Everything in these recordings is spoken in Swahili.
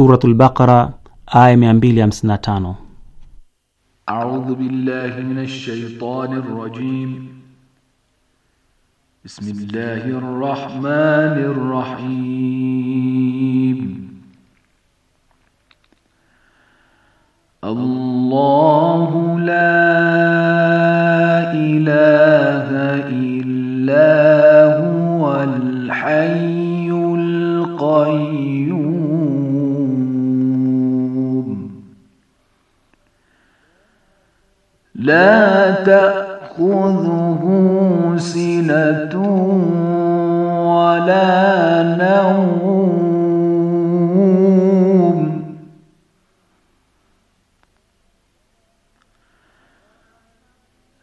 Suratul Baqara aya tano. A'udhu billahi minash shaitanir rajim. Bismillahir rahmanir rahim تأخذه سنة ولا نوم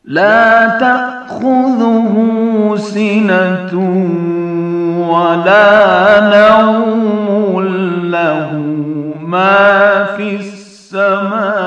لا تأخذه سنة ولا نوم له ما في السماء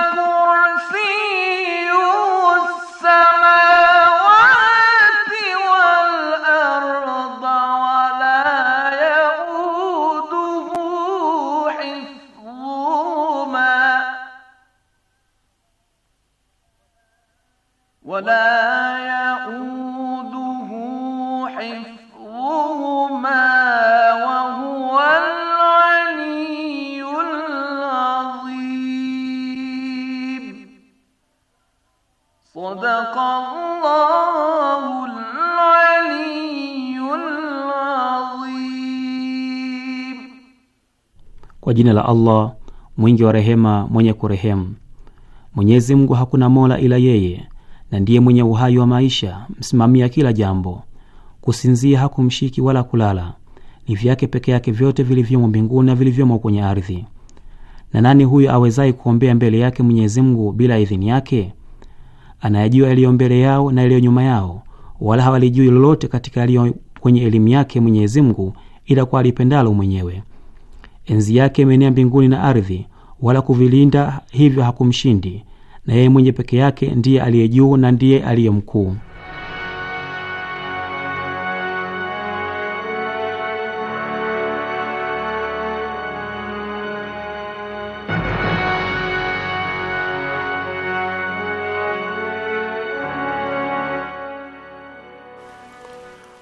Kwa jina la Allah mwingi wa rehema, mwenye kurehemu. Mwenyezi Mungu hakuna mola ila yeye, na ndiye mwenye uhai wa maisha, msimamia kila jambo kusinzia hakumshiki wala kulala. Ni vyake peke yake vyote vilivyomo mbinguni na vilivyomo kwenye ardhi. Na nani huyo awezaye kuombea mbele yake Mwenyezi Mungu bila idhini yake? Anayajua yaliyo mbele yao na yaliyo nyuma yao, wala hawalijui lolote katika yaliyo kwenye elimu yake Mwenyezi Mungu ila kwa alipendalo mwenyewe. Enzi yake imeenea mbinguni na ardhi, wala kuvilinda hivyo hakumshindi, na yeye mwenye peke yake ndiye aliye juu na ndiye aliye mkuu.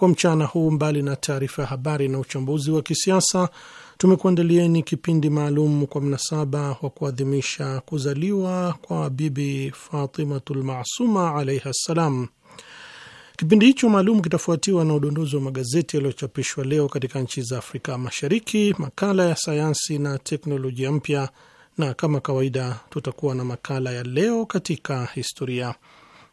Kwa mchana huu, mbali na taarifa ya habari na uchambuzi wa kisiasa, tumekuandalieni kipindi maalum kwa mnasaba wa kuadhimisha kuzaliwa kwa Bibi Fatimatu lmasuma alaiha ssalam. Kipindi hicho maalum kitafuatiwa na udondozi wa magazeti yaliyochapishwa leo katika nchi za Afrika Mashariki, makala ya sayansi na teknolojia mpya, na kama kawaida tutakuwa na makala ya leo katika historia.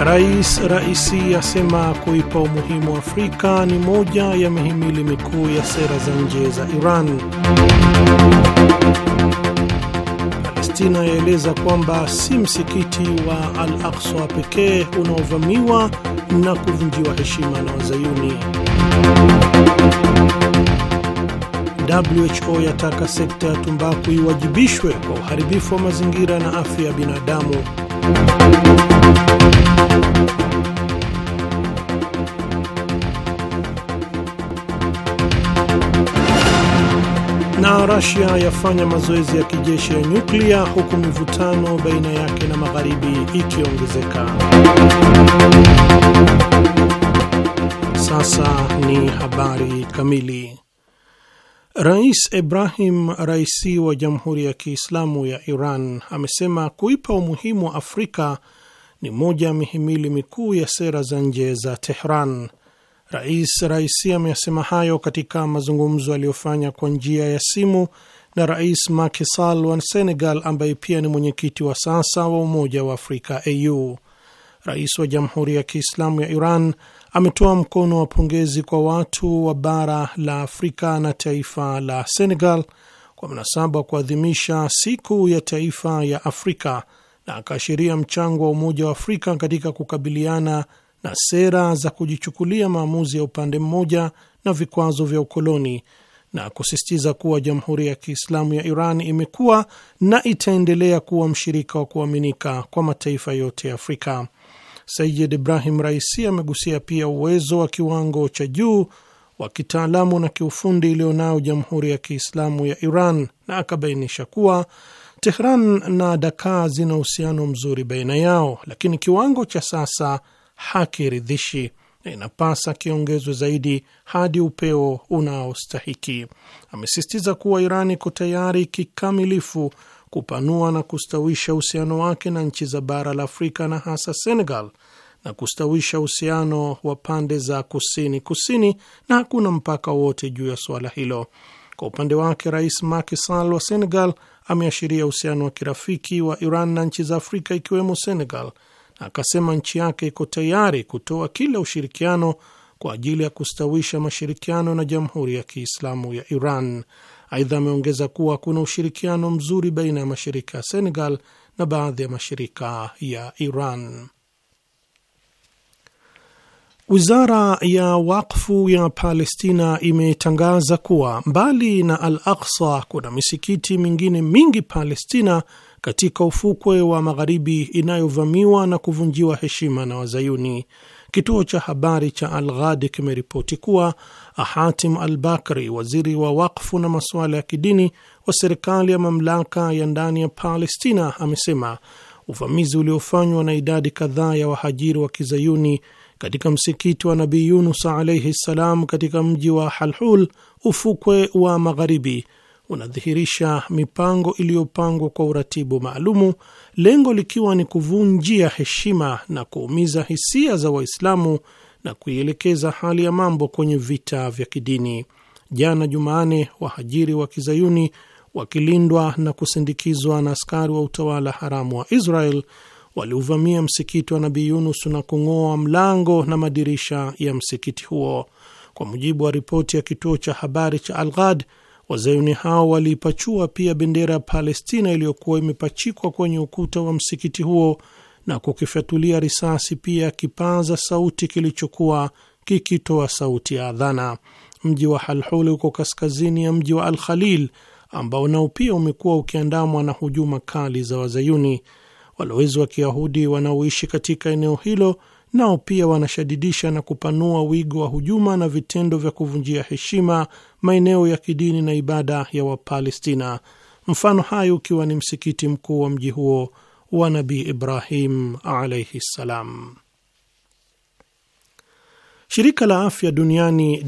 Rais Raisi asema kuipa umuhimu Afrika ni moja ya mihimili mikuu ya sera za nje za Iran. Palestina yaeleza kwamba si msikiti wa Al Aqsa pekee unaovamiwa na kuvunjiwa heshima na Wazayuni. WHO yataka sekta ya tumbaku iwajibishwe kwa uharibifu wa mazingira na afya ya binadamu. na Russia yafanya mazoezi ya kijeshi ya nyuklia huku mivutano baina yake na magharibi ikiongezeka. Sasa ni habari kamili. Rais Ibrahim Raisi wa Jamhuri ya Kiislamu ya Iran amesema kuipa umuhimu wa Afrika ni moja ya mihimili mikuu ya sera za nje za Tehran Rais Raisi ameyasema hayo katika mazungumzo aliyofanya kwa njia ya simu na Rais Macky Sall wa Senegal, ambaye pia ni mwenyekiti wa sasa wa Umoja wa Afrika AU. Rais wa Jamhuri ya Kiislamu ya Iran ametoa mkono wa pongezi kwa watu wa bara la Afrika na taifa la Senegal kwa mnasaba wa kuadhimisha siku ya taifa ya Afrika na akaashiria mchango wa Umoja wa Afrika katika kukabiliana na sera za kujichukulia maamuzi ya upande mmoja na vikwazo vya ukoloni na kusisitiza kuwa Jamhuri ya Kiislamu ya Iran imekuwa na itaendelea kuwa mshirika wa kuaminika kwa mataifa yote ya Afrika. Sayyid Ibrahim Raisi amegusia pia uwezo wa kiwango cha juu wa kitaalamu na kiufundi nayo Jamhuri ya Kiislamu ya Iran na akabainisha kuwa Tehran na Dakar zina uhusiano mzuri baina yao, lakini kiwango cha sasa hakiridhishi na inapasa kiongezwe zaidi hadi upeo unaostahiki. Amesisitiza kuwa Iran iko tayari kikamilifu kupanua na kustawisha uhusiano wake na nchi za bara la Afrika na hasa Senegal na kustawisha uhusiano wa pande za kusini kusini, na hakuna mpaka wote juu ya suala hilo. Kwa upande wake, Rais Macky Sall wa Senegal ameashiria uhusiano wa kirafiki wa Iran na nchi za Afrika ikiwemo Senegal akasema nchi yake iko tayari kutoa kila ushirikiano kwa ajili ya kustawisha mashirikiano na Jamhuri ya Kiislamu ya Iran. Aidha, ameongeza kuwa kuna ushirikiano mzuri baina ya mashirika ya Senegal na baadhi ya mashirika ya Iran. Wizara ya Wakfu ya Palestina imetangaza kuwa mbali na Al aksa kuna misikiti mingine mingi Palestina katika ufukwe wa magharibi inayovamiwa na kuvunjiwa heshima na Wazayuni. Kituo cha habari cha Al Ghadi kimeripoti kuwa Hatim Al Bakri, waziri wa wakfu na masuala ya kidini wa serikali ya mamlaka ya ndani ya Palestina, amesema uvamizi uliofanywa na idadi kadhaa ya wahajiri wa kizayuni katika msikiti wa Nabii Yunus alaihi ssalam katika mji wa Halhul, ufukwe wa magharibi unadhihirisha mipango iliyopangwa kwa uratibu maalumu, lengo likiwa ni kuvunjia heshima na kuumiza hisia za Waislamu na kuielekeza hali ya mambo kwenye vita vya kidini. Jana Jumanne, wahajiri wa kizayuni wakilindwa na kusindikizwa na askari wa utawala haramu wa Israel waliuvamia msikiti wa Nabii Yunus na kung'oa mlango na madirisha ya msikiti huo. Kwa mujibu wa ripoti ya kituo cha habari cha Alghad, Wazayuni hao waliipachua pia bendera ya Palestina iliyokuwa imepachikwa kwenye ukuta wa msikiti huo na kukifyatulia risasi pia kipaza sauti kilichokuwa kikitoa sauti ya adhana. Mji wa Halhuli uko kaskazini ya mji wa Al Khalil, ambao nao pia umekuwa ukiandamwa na hujuma kali za Wazayuni. Walowezi wa Kiyahudi wanaoishi katika eneo hilo nao pia wanashadidisha na kupanua wigo wa hujuma na vitendo vya kuvunjia heshima maeneo ya kidini na ibada ya Wapalestina, mfano hayo ukiwa ni msikiti mkuu wa mji huo wa Nabii Ibrahim alaihi ssalam. Shirika la afya duniani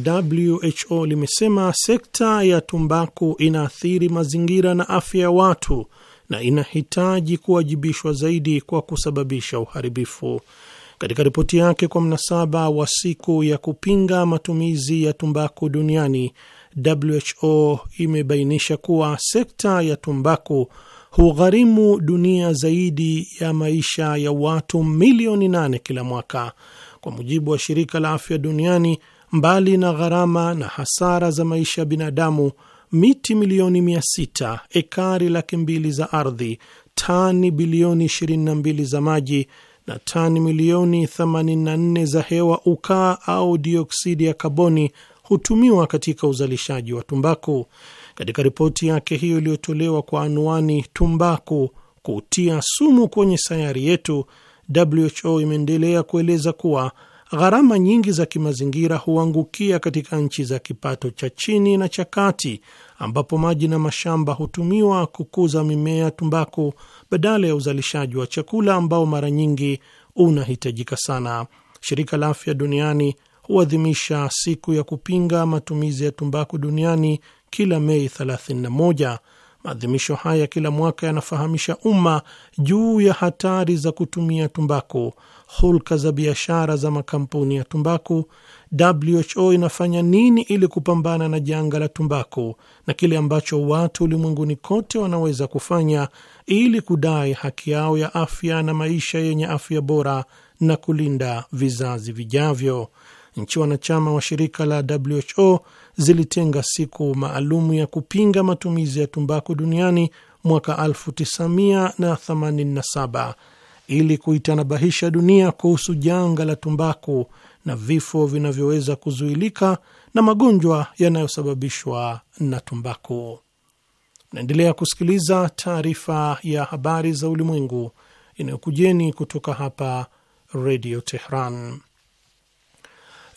WHO limesema sekta ya tumbaku inaathiri mazingira na afya ya watu na inahitaji kuwajibishwa zaidi kwa kusababisha uharibifu. Katika ripoti yake kwa mnasaba wa siku ya kupinga matumizi ya tumbaku duniani, WHO imebainisha kuwa sekta ya tumbaku hugharimu dunia zaidi ya maisha ya watu milioni nane kila mwaka. Kwa mujibu wa shirika la afya duniani, mbali na gharama na hasara za maisha ya binadamu, miti milioni mia sita, ekari laki mbili za ardhi, tani bilioni mbili za maji na tani milioni 84 za hewa ukaa au dioksidi ya kaboni hutumiwa katika uzalishaji wa tumbaku. Katika ripoti yake hiyo iliyotolewa kwa anwani tumbaku kutia sumu kwenye sayari yetu, WHO imeendelea kueleza kuwa gharama nyingi za kimazingira huangukia katika nchi za kipato cha chini na cha kati, ambapo maji na mashamba hutumiwa kukuza mimea tumbaku badala ya uzalishaji wa chakula ambao mara nyingi unahitajika sana. Shirika la Afya Duniani huadhimisha siku ya kupinga matumizi ya tumbaku duniani kila Mei 31 Maadhimisho haya kila mwaka yanafahamisha umma juu ya hatari za kutumia tumbaku, hulka za biashara za makampuni ya tumbaku, WHO inafanya nini ili kupambana na janga la tumbaku na kile ambacho watu ulimwenguni kote wanaweza kufanya ili kudai haki yao ya afya na maisha yenye afya bora na kulinda vizazi vijavyo. Nchi wanachama wa shirika la WHO zilitenga siku maalumu ya kupinga matumizi ya tumbaku duniani mwaka 1987 ili kuitanabahisha dunia kuhusu janga la tumbaku na vifo vinavyoweza kuzuilika na magonjwa yanayosababishwa na tumbaku. Naendelea kusikiliza taarifa ya habari za ulimwengu inayokujeni kutoka hapa Redio Tehran.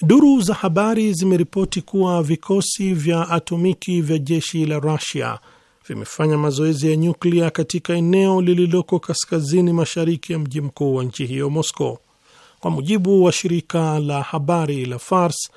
Duru za habari zimeripoti kuwa vikosi vya atomiki vya jeshi la Rusia vimefanya mazoezi ya nyuklia katika eneo lililoko kaskazini mashariki ya mji mkuu wa nchi hiyo Moscow. Kwa mujibu wa shirika la habari la Fars,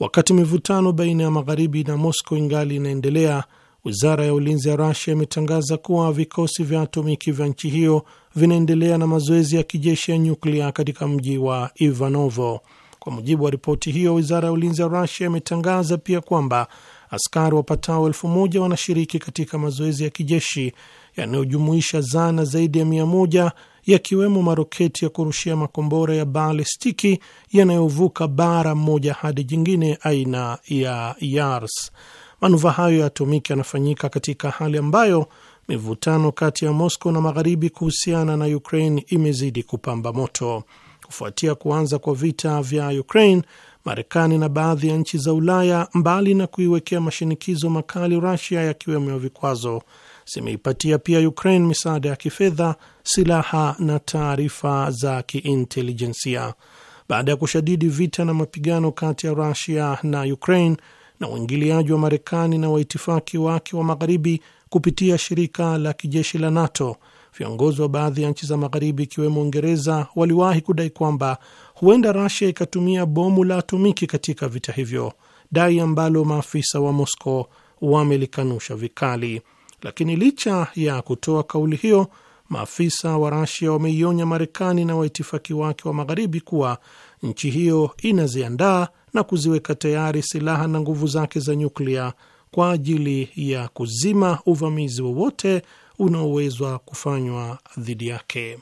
wakati mivutano baina ya magharibi na Moscow ingali inaendelea, wizara ya ulinzi ya Rusia imetangaza kuwa vikosi vya atomiki vya nchi hiyo vinaendelea na mazoezi ya kijeshi ya nyuklia katika mji wa Ivanovo kwa mujibu wa ripoti hiyo, wizara ya ulinzi ya Rusia imetangaza pia kwamba askari wapatao elfu moja wanashiriki katika mazoezi ya kijeshi yanayojumuisha zana zaidi ya mia moja yakiwemo maroketi ya kurushia makombora ya balistiki yanayovuka bara moja hadi jingine aina ya Yars. Manuva hayo ya atomiki yanafanyika katika hali ambayo mivutano kati ya Moscow na magharibi kuhusiana na Ukraine imezidi kupamba moto. Kufuatia kuanza kwa vita vya Ukraine, Marekani na baadhi ya nchi za Ulaya, mbali na kuiwekea mashinikizo makali Rusia yakiwemo ya vikwazo, zimeipatia pia Ukraine misaada ya kifedha, silaha na taarifa za kiintelijensia. Baada ya kushadidi vita na mapigano kati ya Rusia na Ukraine na uingiliaji wa Marekani na waitifaki wake wa magharibi kupitia shirika la kijeshi la NATO, Viongozi wa baadhi ya nchi za Magharibi ikiwemo Uingereza waliwahi kudai kwamba huenda Rasia ikatumia bomu la atomiki katika vita hivyo, dai ambalo maafisa wa Moscow wamelikanusha vikali. Lakini licha ya kutoa kauli hiyo, maafisa wa Rasia wameionya Marekani na waitifaki wake wa Magharibi kuwa nchi hiyo inaziandaa na kuziweka tayari silaha na nguvu zake za nyuklia kwa ajili ya kuzima uvamizi wowote unaoweza kufanywa dhidi yake.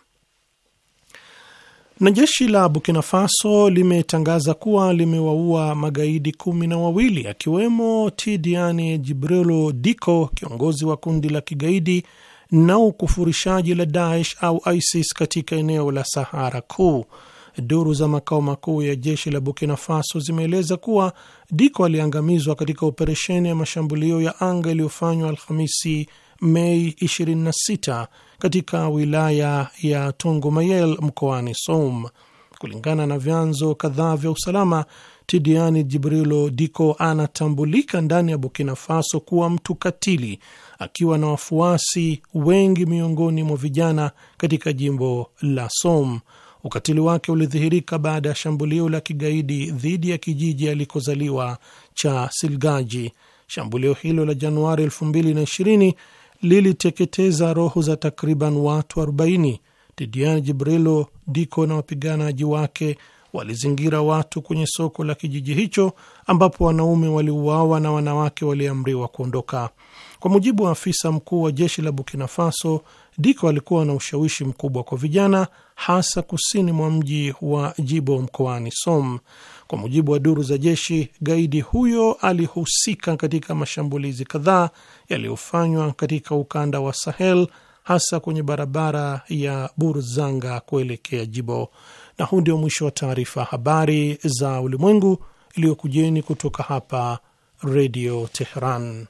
Na jeshi la Burkina Faso limetangaza kuwa limewaua magaidi kumi na wawili akiwemo Tidiane Jibrilo Diko, kiongozi wa kundi la kigaidi na ukufurishaji la Daesh au ISIS katika eneo la Sahara Kuu. Duru za makao makuu ya jeshi la Burkina Faso zimeeleza kuwa Diko aliangamizwa katika operesheni ya mashambulio ya anga iliyofanywa Alhamisi Mei 26 katika wilaya ya Tongomayel mkoani Soum. Kulingana na vyanzo kadhaa vya usalama, tidiani Jibrilo Diko anatambulika ndani ya Burkina Faso kuwa mtu katili, akiwa na wafuasi wengi miongoni mwa vijana katika jimbo la Soum. Ukatili wake ulidhihirika baada ya shambulio la kigaidi dhidi ya kijiji alikozaliwa cha Silgaji. Shambulio hilo la Januari 2020 liliteketeza roho za takriban watu 40. Tidiane Jibrilo Diko na wapiganaji wake walizingira watu kwenye soko la kijiji hicho ambapo wanaume waliuawa na wanawake waliamriwa kuondoka. Kwa mujibu wa afisa mkuu wa jeshi la Burkina Faso, Diko alikuwa na ushawishi mkubwa kwa vijana, hasa kusini mwa mji wa Jibo mkoani Som. Kwa mujibu wa duru za jeshi, gaidi huyo alihusika katika mashambulizi kadhaa yaliyofanywa katika ukanda wa Sahel, hasa kwenye barabara ya Burzanga kuelekea Jibo. Na huu ndio mwisho wa taarifa habari za ulimwengu iliyokujeni kutoka hapa Redio Teheran.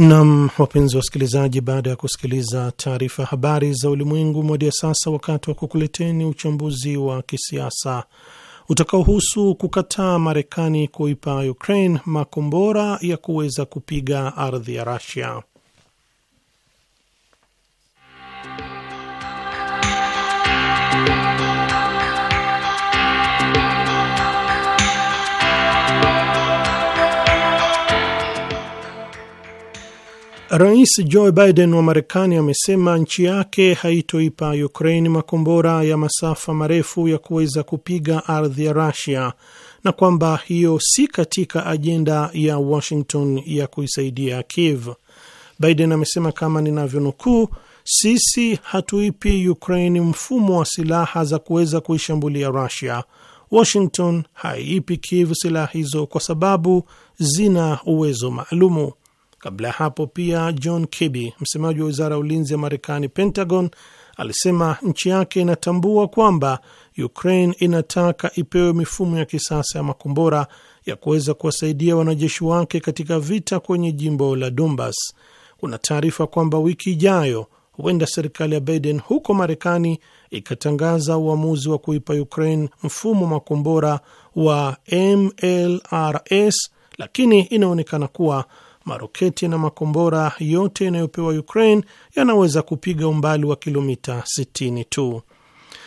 Nam, wapenzi wa wasikilizaji, baada ya kusikiliza taarifa habari za ulimwengu moja, sasa wakati wa kukuleteni uchambuzi wa kisiasa utakaohusu kukataa Marekani kuipa Ukraine makombora ya kuweza kupiga ardhi ya Russia. Rais Joe Biden wa Marekani amesema nchi yake haitoipa Ukraine makombora ya masafa marefu ya kuweza kupiga ardhi ya rusia na kwamba hiyo si katika ajenda ya Washington ya kuisaidia Kiev. Biden amesema kama ninavyonukuu, sisi hatuipi Ukraine mfumo wa silaha za kuweza kuishambulia rusia Washington haiipi Kiev silaha hizo kwa sababu zina uwezo maalumu. Kabla ya hapo pia, John Kirby, msemaji wa wizara ya ulinzi ya Marekani, Pentagon, alisema nchi yake inatambua kwamba Ukraine inataka ipewe mifumo ya kisasa ya makombora ya kuweza kuwasaidia wanajeshi wake katika vita kwenye jimbo la Donbas. Kuna taarifa kwamba wiki ijayo huenda serikali ya Biden huko Marekani ikatangaza uamuzi wa kuipa Ukraine mfumo makombora wa MLRS, lakini inaonekana kuwa maroketi na makombora yote yanayopewa Ukraine yanaweza kupiga umbali wa kilomita 60 tu.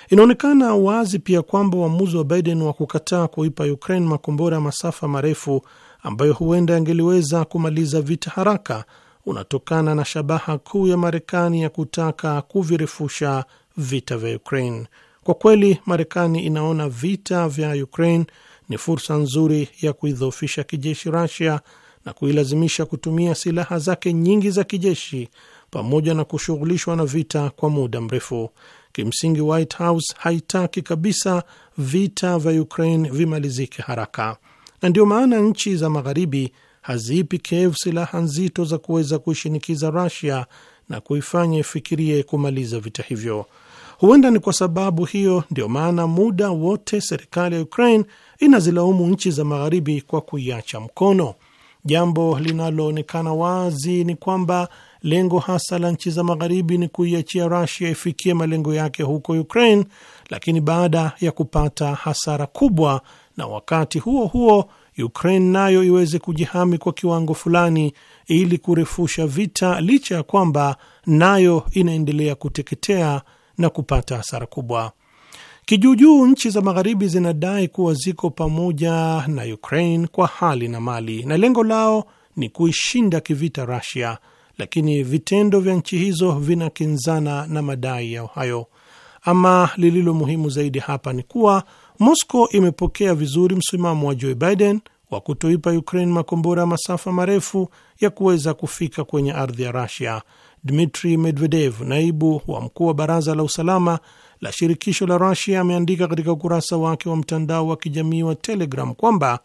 Inaonekana wazi pia kwamba uamuzi wa Biden wa kukataa kuipa Ukraine makombora ya masafa marefu ambayo huenda yangeliweza kumaliza vita haraka unatokana na shabaha kuu ya Marekani ya kutaka kuvirefusha vita vya Ukraine. Kwa kweli, Marekani inaona vita vya Ukraine ni fursa nzuri ya kuidhoofisha kijeshi Russia na kuilazimisha kutumia silaha zake nyingi za kijeshi pamoja na kushughulishwa na vita kwa muda mrefu. Kimsingi, White House haitaki kabisa vita vya Ukraine vimalizike haraka, na ndio maana nchi za magharibi haziipi Kiev silaha nzito za kuweza kuishinikiza Russia na kuifanya ifikirie kumaliza vita hivyo. Huenda ni kwa sababu hiyo ndio maana muda wote serikali ya Ukraine inazilaumu nchi za magharibi kwa kuiacha mkono Jambo linaloonekana wazi ni kwamba lengo hasa la nchi za Magharibi ni kuiachia rasia ifikie malengo yake huko Ukraine, lakini baada ya kupata hasara kubwa, na wakati huo huo Ukraine nayo iweze kujihami kwa kiwango fulani ili kurefusha vita, licha ya kwamba nayo inaendelea kuteketea na kupata hasara kubwa. Kijuujuu nchi za Magharibi zinadai kuwa ziko pamoja na Ukraine kwa hali na mali, na lengo lao ni kuishinda kivita Russia, lakini vitendo vya nchi hizo vinakinzana na madai yao hayo. Ama lililo muhimu zaidi hapa ni kuwa Moscow imepokea vizuri msimamo wa Joe Biden wa kutoipa Ukraine makombora ya masafa marefu ya kuweza kufika kwenye ardhi ya Russia. Dmitri Medvedev, naibu wa mkuu wa baraza la usalama la shirikisho la Rasia ameandika katika ukurasa wake wa mtandao wa kijamii wa Telegram kwamba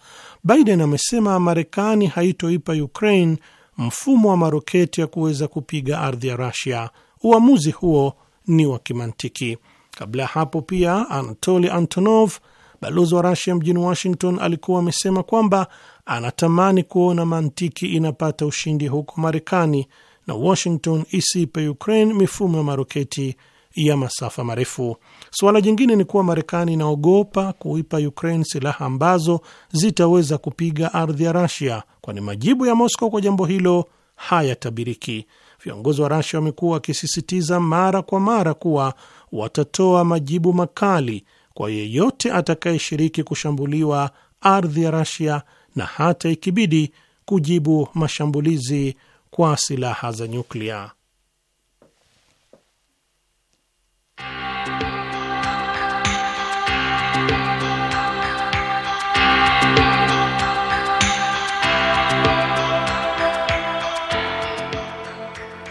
Biden amesema Marekani haitoipa Ukraine mfumo wa maroketi ya kuweza kupiga ardhi ya Rasia. Uamuzi huo ni wa kimantiki. Kabla ya hapo pia, Anatoli Antonov, balozi wa Rasia mjini Washington, alikuwa amesema kwamba anatamani kuona mantiki inapata ushindi huko Marekani na Washington isiipe Ukraine mifumo ya maroketi ya masafa marefu. Suala jingine ni kuwa Marekani inaogopa kuipa Ukraine silaha ambazo zitaweza kupiga ardhi ya Rasia, kwani majibu ya Moscow kwa jambo hilo hayatabiriki. Viongozi wa Rasia wamekuwa wakisisitiza mara kwa mara kuwa watatoa majibu makali kwa yeyote atakayeshiriki kushambuliwa ardhi ya Rasia na hata ikibidi kujibu mashambulizi kwa silaha za nyuklia.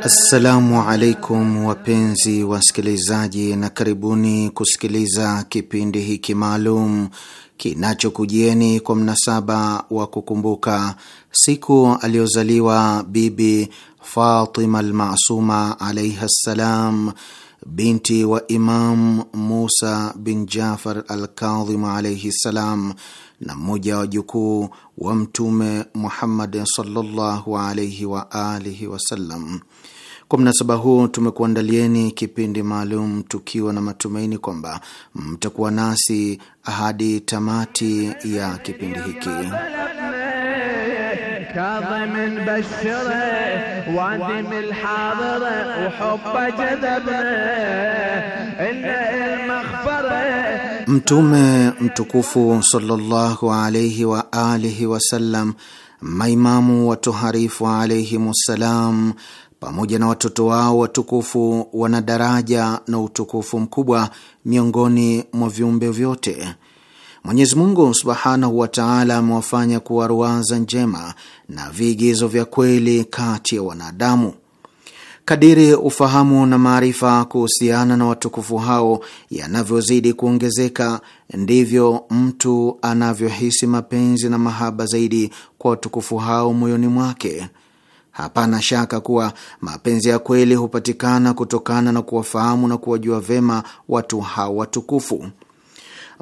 Assalamu alaikum wapenzi wasikilizaji, na karibuni kusikiliza kipindi hiki maalum kinachokujieni kwa mnasaba wa kukumbuka siku aliyozaliwa Bibi Fatima Almasuma alaiha ssalam, binti wa Imam Musa bin Jafar Alkadhimu alaihi ssalam na mmoja wa jukuu wa Mtume Muhammad sallallahu alaihi wa alihi wasallam. Kwa mnasaba huu tumekuandalieni kipindi maalum tukiwa na matumaini kwamba mtakuwa nasi hadi tamati ya kipindi hiki. Mtume mtukufu sallallahu alaihi wa alihi wasallam, maimamu watoharifu ssalam, pamoja na watoto wao watukufu wana daraja na utukufu mkubwa miongoni mwa viumbe vyote. Mwenyezi Mungu subhanahu wa taala amewafanya kuwa ruwaza njema na viigizo vya kweli kati ya wanadamu. Kadiri ufahamu na maarifa kuhusiana na watukufu hao yanavyozidi kuongezeka, ndivyo mtu anavyohisi mapenzi na mahaba zaidi kwa watukufu hao moyoni mwake. Hapana shaka kuwa mapenzi ya kweli hupatikana kutokana na kuwafahamu na kuwajua vema watu hao watukufu.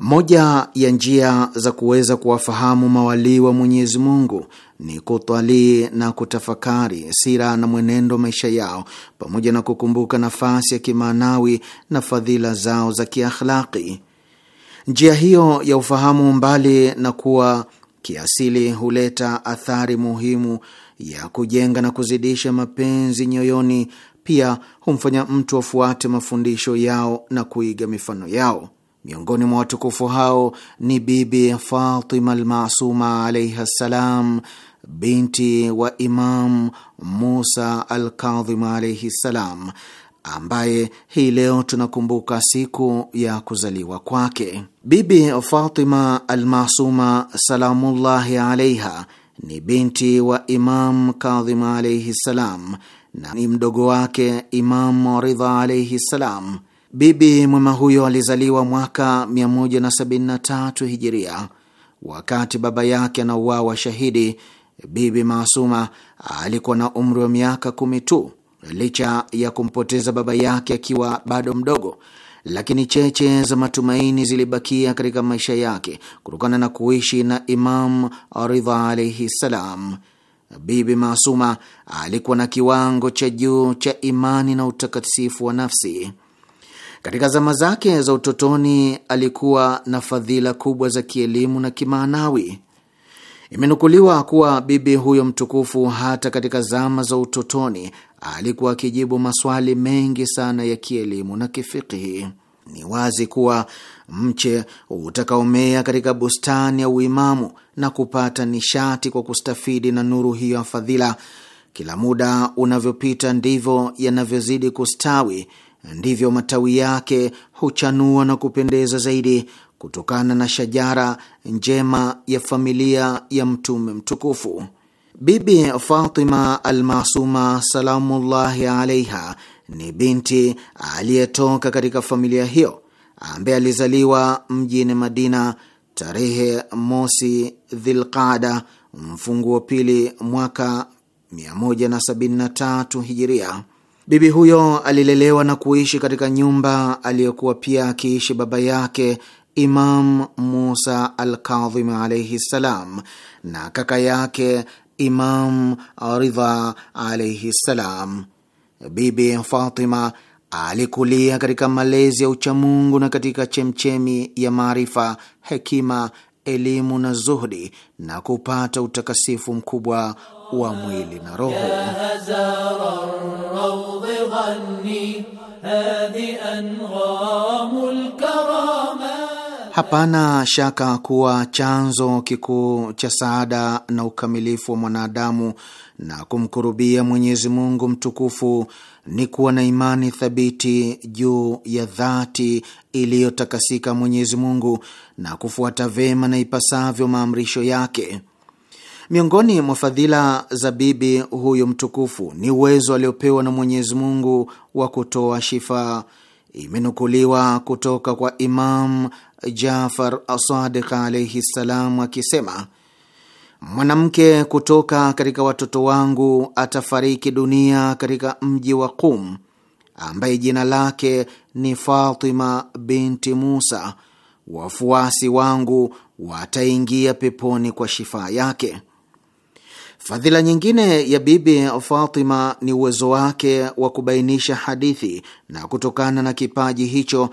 Moja ya njia za kuweza kuwafahamu mawalii wa Mwenyezi Mungu ni kutwalii na kutafakari sira na mwenendo maisha yao pamoja na kukumbuka nafasi ya kimaanawi na fadhila zao za kiakhlaki. Njia hiyo ya ufahamu, mbali na kuwa kiasili, huleta athari muhimu ya kujenga na kuzidisha mapenzi nyoyoni. Pia humfanya mtu afuate mafundisho yao na kuiga mifano yao. Miongoni mwa watukufu hao ni Bibi Fatima Almasuma alaihi ssalam, binti wa Imam Musa Alkadhim alaihi ssalam, ambaye hii leo tunakumbuka siku ya kuzaliwa kwake. Bibi Fatima Almasuma salamullahi alaiha ni binti wa Imam Kadhim alaihi ssalam na ni mdogo wake Imam Ridha alaihi ssalam. Bibi mwema huyo alizaliwa mwaka 173 hijiria, wakati baba yake anauawa shahidi Bibi Maasuma alikuwa na umri wa miaka kumi tu. Licha ya kumpoteza baba yake akiwa bado mdogo, lakini cheche za matumaini zilibakia katika maisha yake kutokana na kuishi na Imam Ridha alaihi ssalam. Bibi Maasuma alikuwa na kiwango cha juu cha imani na utakatifu wa nafsi. Katika zama zake za utotoni alikuwa na fadhila kubwa za kielimu na kimaanawi. Imenukuliwa kuwa bibi huyo mtukufu hata katika zama za utotoni alikuwa akijibu maswali mengi sana ya kielimu na kifikihi. Ni wazi kuwa mche utakaomea katika bustani ya uimamu na kupata nishati kwa kustafidi na nuru hiyo ya fadhila, kila muda unavyopita ndivyo yanavyozidi kustawi, ndivyo matawi yake huchanua na kupendeza zaidi, kutokana na shajara njema ya familia ya Mtume mtukufu. Bibi Fatima Almasuma salamullahi alaiha ni binti aliyetoka katika familia hiyo ambaye alizaliwa mjini Madina tarehe mosi Dhilqada mfunguo pili mwaka 173 hijiria. Bibi huyo alilelewa na kuishi katika nyumba aliyokuwa pia akiishi baba yake Imam Musa Alkadhim alaihi ssalam na kaka yake Imam Ridha alaihi ssalam. Bibi Fatima alikulia katika malezi ya uchamungu na katika chemchemi ya maarifa, hekima, elimu na zuhdi na kupata utakasifu mkubwa wa mwili na roho. Hapana shaka kuwa chanzo kikuu cha saada na ukamilifu wa mwanadamu na kumkurubia Mwenyezi Mungu mtukufu ni kuwa na imani thabiti juu ya dhati iliyotakasika Mwenyezi Mungu na kufuata vema na ipasavyo maamrisho yake. Miongoni mwa fadhila za bibi huyu mtukufu ni uwezo aliopewa na Mwenyezi Mungu wa kutoa shifaa imenukuliwa kutoka kwa Imam Jafar Sadiq alaihi ssalam akisema, mwanamke kutoka katika watoto wangu atafariki dunia katika mji wa Qum, ambaye jina lake ni Fatima binti Musa. Wafuasi wangu wataingia peponi kwa shifaa yake. Fadhila nyingine ya Bibi Fatima ni uwezo wake wa kubainisha hadithi, na kutokana na kipaji hicho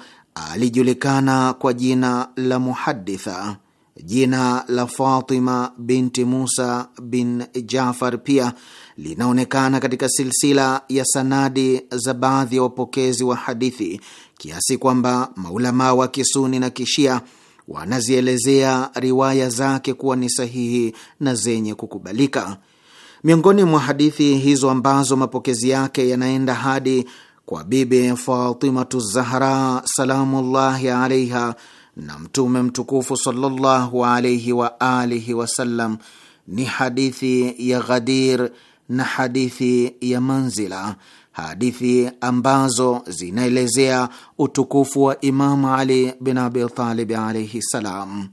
alijulikana kwa jina la muhaditha. Jina la Fatima binti Musa bin Jafar pia linaonekana katika silsila ya sanadi za baadhi ya wapokezi wa hadithi, kiasi kwamba maulamaa wa Kisuni na Kishia wanazielezea riwaya zake kuwa ni sahihi na zenye kukubalika. Miongoni mwa hadithi hizo ambazo mapokezi yake yanaenda hadi kwa Bibi Fatimatu Zahra salamullahi alaiha na Mtume mtukufu sallallahu alaihi wa alihi wasallam ni hadithi ya Ghadir na hadithi ya Manzila, hadithi ambazo zinaelezea utukufu wa Imamu Ali bin Abi Talib alaihi salam.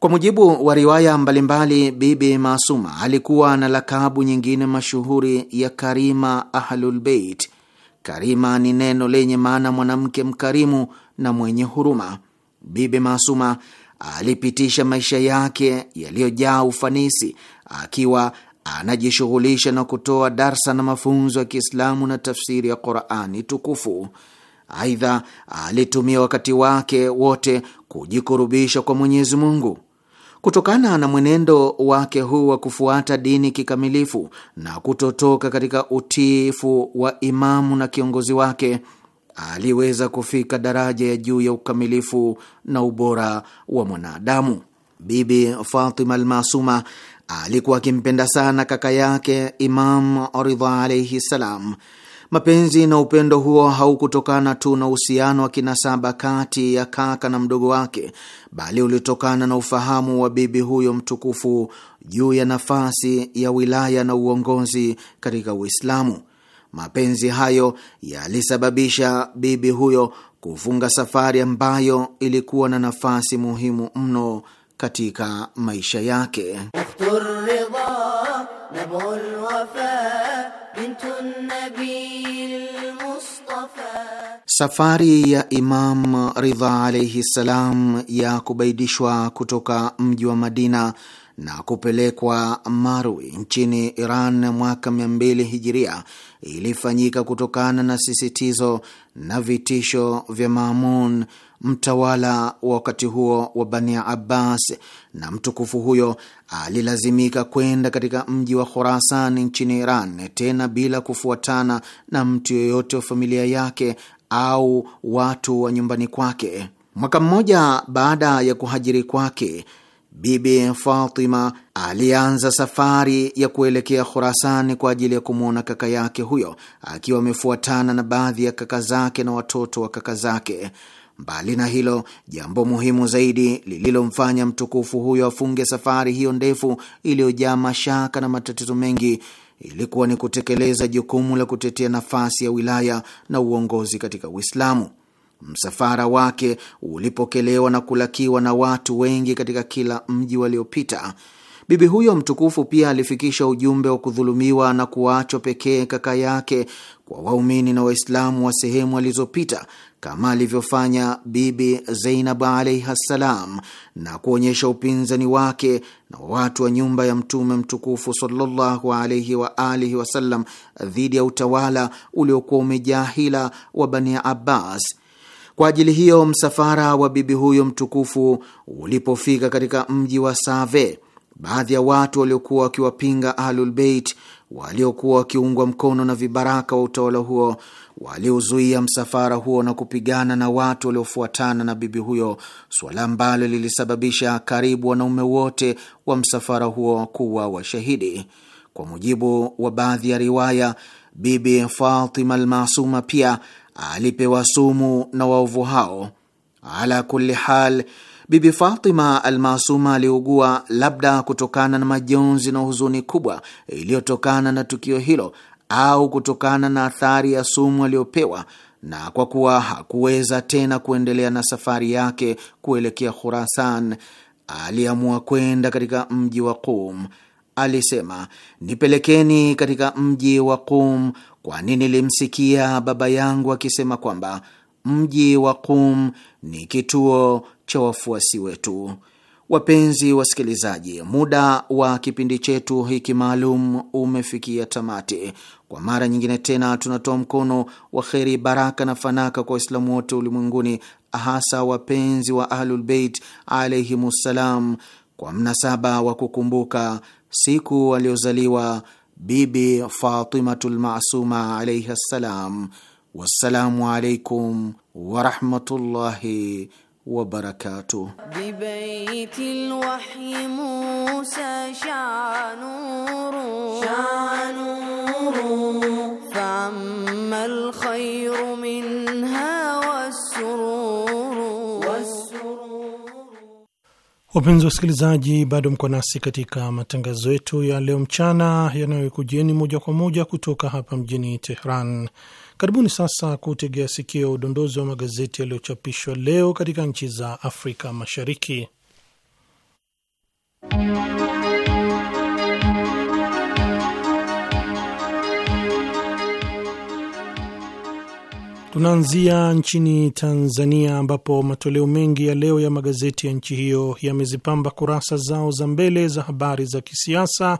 Kwa mujibu wa riwaya mbalimbali, Bibi masuma alikuwa na lakabu nyingine mashuhuri ya Karima Ahlulbeit. Karima ni neno lenye maana mwanamke mkarimu na mwenye huruma. Bibi masuma alipitisha maisha yake yaliyojaa ufanisi akiwa anajishughulisha na kutoa darsa na mafunzo ya Kiislamu na tafsiri ya Qurani tukufu. Aidha, alitumia wakati wake wote kujikurubisha kwa Mwenyezi Mungu. Kutokana na mwenendo wake huu wa kufuata dini kikamilifu na kutotoka katika utiifu wa imamu na kiongozi wake, aliweza kufika daraja ya juu ya ukamilifu na ubora wa mwanadamu. Bibi Fatima Almasuma alikuwa akimpenda sana kaka yake Imam Ridha alaihi ssalam Mapenzi na upendo huo haukutokana tu na uhusiano wa kinasaba kati ya kaka na mdogo wake, bali ulitokana na ufahamu wa bibi huyo mtukufu juu ya nafasi ya wilaya na uongozi katika Uislamu. Mapenzi hayo yalisababisha bibi huyo kufunga safari ambayo ilikuwa na nafasi muhimu mno katika maisha yake. Safari ya Imam Ridha alaihi ssalam ya kubaidishwa kutoka mji wa Madina na kupelekwa Marwi nchini Iran mwaka mia hijiria ilifanyika kutokana na sisitizo na vitisho vya Mamun, mtawala wa wakati huo wa Bani Abbas, na mtukufu huyo alilazimika kwenda katika mji wa Khurasan nchini Iran, tena bila kufuatana na mtu yoyote wa familia yake au watu wa nyumbani kwake. Mwaka mmoja baada ya kuhajiri kwake, Bibi Fatima alianza safari ya kuelekea Khurasani kwa ajili ya kumwona kaka yake huyo, akiwa amefuatana na baadhi ya kaka zake na watoto wa kaka zake. Mbali na hilo, jambo muhimu zaidi lililomfanya mtukufu huyo afunge safari hiyo ndefu iliyojaa mashaka na matatizo mengi ilikuwa ni kutekeleza jukumu la kutetea nafasi ya wilaya na uongozi katika Uislamu. Msafara wake ulipokelewa na kulakiwa na watu wengi katika kila mji waliopita. Bibi huyo mtukufu pia alifikisha ujumbe wa kudhulumiwa na kuachwa pekee kaka yake kwa waumini na Waislamu wa sehemu alizopita kama alivyofanya Bibi Zainabu alaihi ssalam, na kuonyesha upinzani wake na watu wa nyumba ya Mtume mtukufu sallallahu alaihi wa alihi wasallam dhidi ya utawala uliokuwa umejahila wa Bani Abbas. Kwa ajili hiyo, msafara wa bibi huyo mtukufu ulipofika katika mji wa Save, baadhi ya watu waliokuwa wakiwapinga Ahlulbeit waliokuwa wakiungwa mkono na vibaraka wa utawala huo waliuzuia msafara huo na kupigana na watu waliofuatana na bibi huyo, suala ambalo lilisababisha karibu wanaume wote wa msafara huo kuwa washahidi. Kwa mujibu wa baadhi ya riwaya, Bibi Fatima Almasuma pia alipewa sumu na waovu hao. Ala kulli hal, Bibi Fatima Almasuma aliugua, labda kutokana na majonzi na huzuni kubwa iliyotokana na tukio hilo, au kutokana na athari ya sumu aliyopewa, na kwa kuwa hakuweza tena kuendelea na safari yake kuelekea Khurasan, aliamua kwenda katika mji wa Qum. Alisema, nipelekeni katika mji wa Qum, kwani nilimsikia baba yangu akisema kwamba mji wa Qum ni kituo cha wafuasi wetu. Wapenzi wasikilizaji, muda wa kipindi chetu hiki maalum umefikia tamati. Kwa mara nyingine tena, tunatoa mkono wa kheri, baraka na fanaka kwa Waislamu wote ulimwenguni, hasa wapenzi wa Ahlulbeit alaihimussalam, kwa mnasaba wa kukumbuka siku aliyozaliwa Bibi Fatimatul Masuma alaihi ssalam. Wassalamu alaikum warahmatullahi wabarakatuh. wapenzi wa Musa wasikilizaji, bado mko nasi katika matangazo yetu ya leo mchana yanayokujieni moja kwa moja kutoka hapa mjini Tehran. Karibuni sasa kutegea sikio udondozi wa magazeti yaliyochapishwa leo katika nchi za Afrika Mashariki. Tunaanzia nchini Tanzania ambapo matoleo mengi ya leo ya magazeti ya nchi hiyo yamezipamba kurasa zao za mbele za habari za kisiasa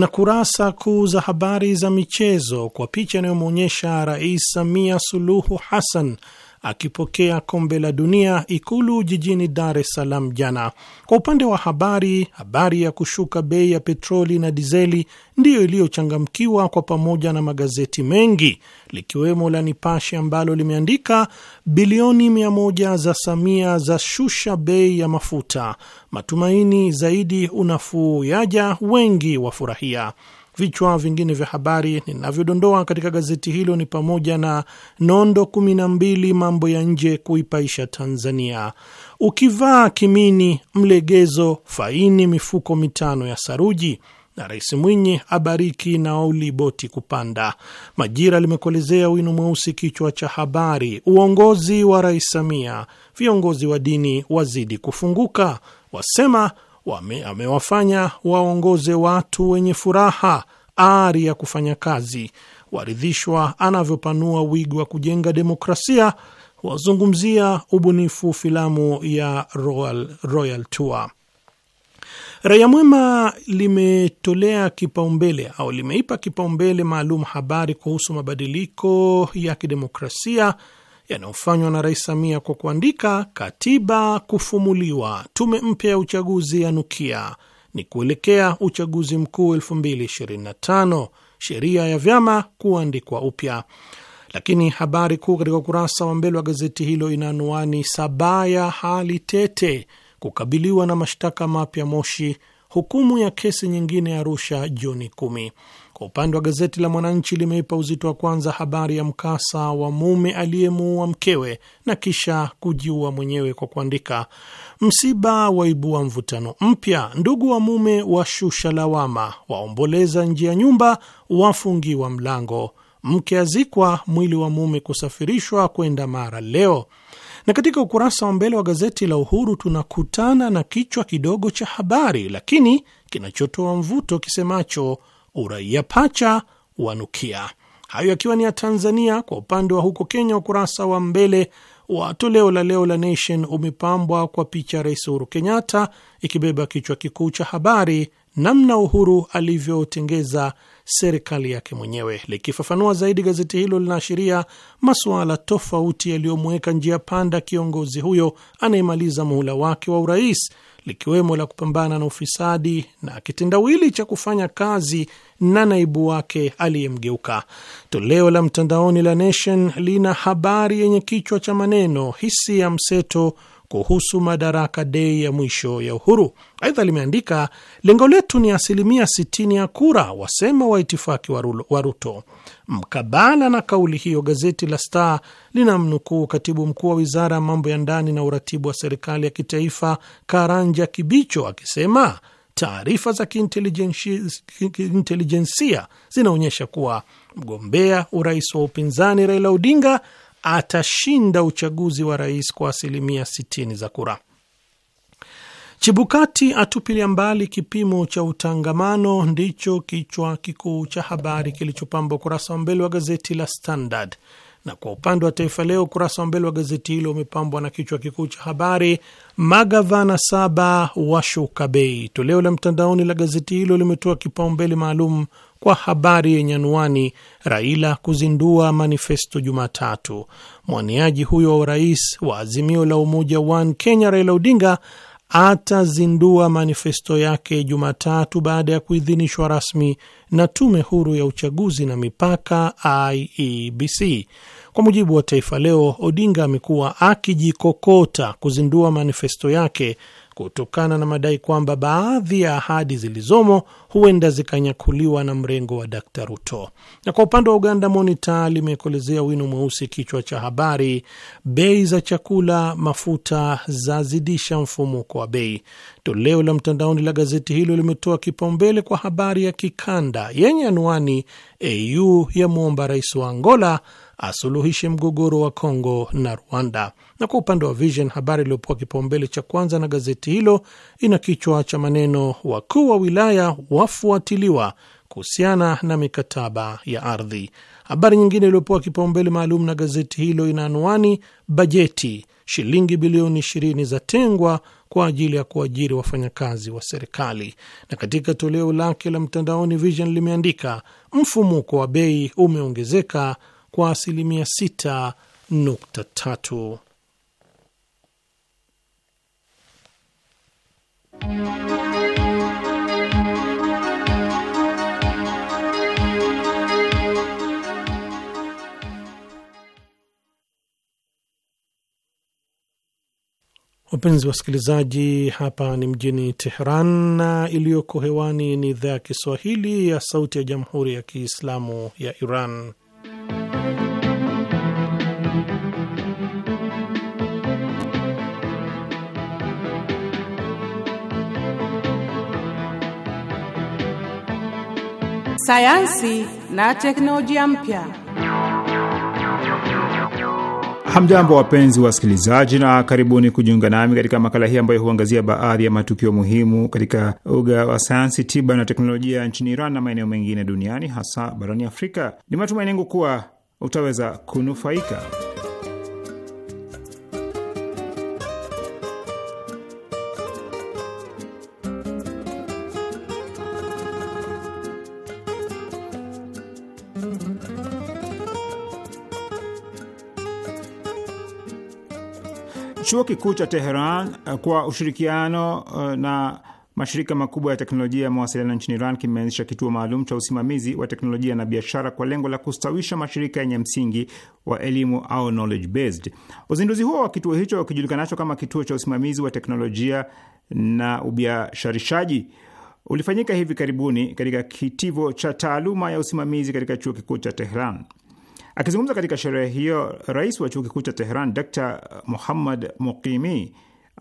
na kurasa kuu za habari za michezo kwa picha inayomwonyesha Rais Samia Suluhu Hassan akipokea kombe la dunia Ikulu jijini Dar es Salaam jana. Kwa upande wa habari, habari ya kushuka bei ya petroli na dizeli ndiyo iliyochangamkiwa kwa pamoja na magazeti mengi likiwemo la Nipashe ambalo limeandika bilioni mia moja za Samia za shusha bei ya mafuta, matumaini zaidi unafuu yaja, wengi wafurahia. Vichwa vingine vya habari ninavyodondoa katika gazeti hilo ni pamoja na nondo kumi na mbili mambo ya nje kuipaisha Tanzania, ukivaa kimini mlegezo, faini mifuko mitano ya saruji na Rais Mwinyi abariki nauli boti kupanda. Majira limekolezea wino mweusi kichwa cha habari, uongozi wa Rais Samia, viongozi wa dini wazidi kufunguka, wasema wame, amewafanya waongoze watu wenye furaha, ari ya kufanya kazi, waridhishwa anavyopanua wigo wa kujenga demokrasia, wazungumzia ubunifu filamu ya Royal, Royal Tour. Raia Mwema limetolea kipaumbele au limeipa kipaumbele maalum habari kuhusu mabadiliko ya kidemokrasia yanayofanywa na Rais Samia kwa kuandika katiba kufumuliwa, tume mpya ya uchaguzi ya nukia ni kuelekea uchaguzi mkuu 2025, sheria ya vyama kuandikwa upya. Lakini habari kuu katika ukurasa wa mbele wa gazeti hilo ina anwani Sabaya hali tete, kukabiliwa na mashtaka mapya Moshi, hukumu ya kesi nyingine ya Arusha Juni kumi. Kwa upande wa gazeti la Mwananchi limeipa uzito wa kwanza habari ya mkasa wa mume aliyemuua mkewe na kisha kujiua mwenyewe kwa kuandika, msiba waibua mvutano mpya, ndugu wa mume washusha lawama, waomboleza nje ya nyumba, wafungiwa mlango, mke azikwa, mwili wa mume kusafirishwa kwenda Mara leo na katika ukurasa wa mbele wa gazeti la Uhuru tunakutana na kichwa kidogo cha habari lakini kinachotoa mvuto kisemacho uraia pacha wanukia. Hayo yakiwa ni ya Tanzania. Kwa upande wa huko Kenya, ukurasa wa mbele wa toleo la leo la Nation umepambwa kwa picha ya Rais Uhuru Kenyatta ikibeba kichwa kikuu cha habari, namna Uhuru alivyotengeza serikali yake mwenyewe. Likifafanua zaidi, gazeti hilo linaashiria masuala tofauti yaliyomweka njia panda kiongozi huyo anayemaliza muhula wake wa urais, likiwemo la kupambana na ufisadi na kitendawili cha kufanya kazi na naibu wake aliyemgeuka. Toleo la mtandaoni la Nation lina habari yenye kichwa cha maneno hisia mseto kuhusu Madaraka Dei ya mwisho ya uhuru. Aidha limeandika lengo letu ni asilimia 60 ya kura, wasema waitifaki wa Ruto. Mkabala na kauli hiyo, gazeti la Star linamnukuu katibu mkuu wa wizara ya mambo ya ndani na uratibu wa serikali ya kitaifa Karanja Kibicho akisema taarifa za kiintelijensia zinaonyesha kuwa mgombea urais wa upinzani Raila Odinga atashinda uchaguzi wa rais kwa asilimia 60 za kura. chibukati atupilia mbali kipimo cha utangamano, ndicho kichwa kikuu cha habari kilichopamba ukurasa wa mbele wa gazeti la Standard. Na kwa upande wa Taifa Leo, ukurasa wa mbele wa gazeti hilo umepambwa na kichwa kikuu cha habari, magavana saba washuka bei. Toleo la mtandaoni la gazeti hilo limetoa kipaumbele maalum kwa habari yenye anwani Raila kuzindua manifesto Jumatatu. Mwaniaji huyo wa urais wa Azimio la Umoja One Kenya, Raila Odinga atazindua manifesto yake Jumatatu baada ya kuidhinishwa rasmi na Tume Huru ya Uchaguzi na Mipaka, IEBC. Kwa mujibu wa Taifa Leo, Odinga amekuwa akijikokota kuzindua manifesto yake kutokana na madai kwamba baadhi ya ahadi zilizomo huenda zikanyakuliwa na mrengo wa Dkt Ruto. Na kwa upande wa Uganda, Monita limekolezea wino mweusi kichwa cha habari, bei za chakula mafuta zazidisha mfumuko wa bei. Toleo la mtandaoni la gazeti hilo limetoa kipaumbele kwa habari ya kikanda yenye anwani AU yamwomba rais wa Angola asuluhishe mgogoro wa congo na Rwanda. Na kwa upande wa Vision, habari iliyopewa kipaumbele cha kwanza na gazeti hilo ina kichwa cha maneno wakuu wa wilaya wafuatiliwa kuhusiana na mikataba ya ardhi. Habari nyingine iliyopewa kipaumbele maalum na gazeti hilo ina anwani bajeti shilingi bilioni 20 za tengwa kwa ajili ya kuajiri wafanyakazi wa serikali. Na katika toleo lake la mtandaoni Vision limeandika mfumuko wa bei umeongezeka kwa asilimia 6.3. Wapenzi wasikilizaji, hapa ni mjini Teheran na iliyoko hewani ni idhaa ya Kiswahili ya Sauti ya Jamhuri ya Kiislamu ya Iran. Sayansi na teknolojia mpya. Hamjambo, wapenzi wasikilizaji, na karibuni kujiunga nami katika makala hii ambayo huangazia baadhi ya matukio muhimu katika uga wa sayansi, tiba na teknolojia nchini Iran na maeneo mengine duniani, hasa barani Afrika. Ni matumaini yangu kuwa utaweza kunufaika. Chuo kikuu cha Teheran eh, kwa ushirikiano eh, na mashirika makubwa ya teknolojia ya mawasiliano nchini Iran kimeanzisha kituo maalum cha usimamizi wa teknolojia na biashara kwa lengo la kustawisha mashirika yenye msingi wa elimu au knowledge based. Uzinduzi huo wa kituo hicho kijulikanacho kama kituo cha usimamizi wa teknolojia na ubiasharishaji ulifanyika hivi karibuni katika kitivo cha taaluma ya usimamizi katika chuo kikuu cha Tehran. Akizungumza katika sherehe hiyo, rais wa chuo kikuu cha Teheran Dr Muhammad Muqimi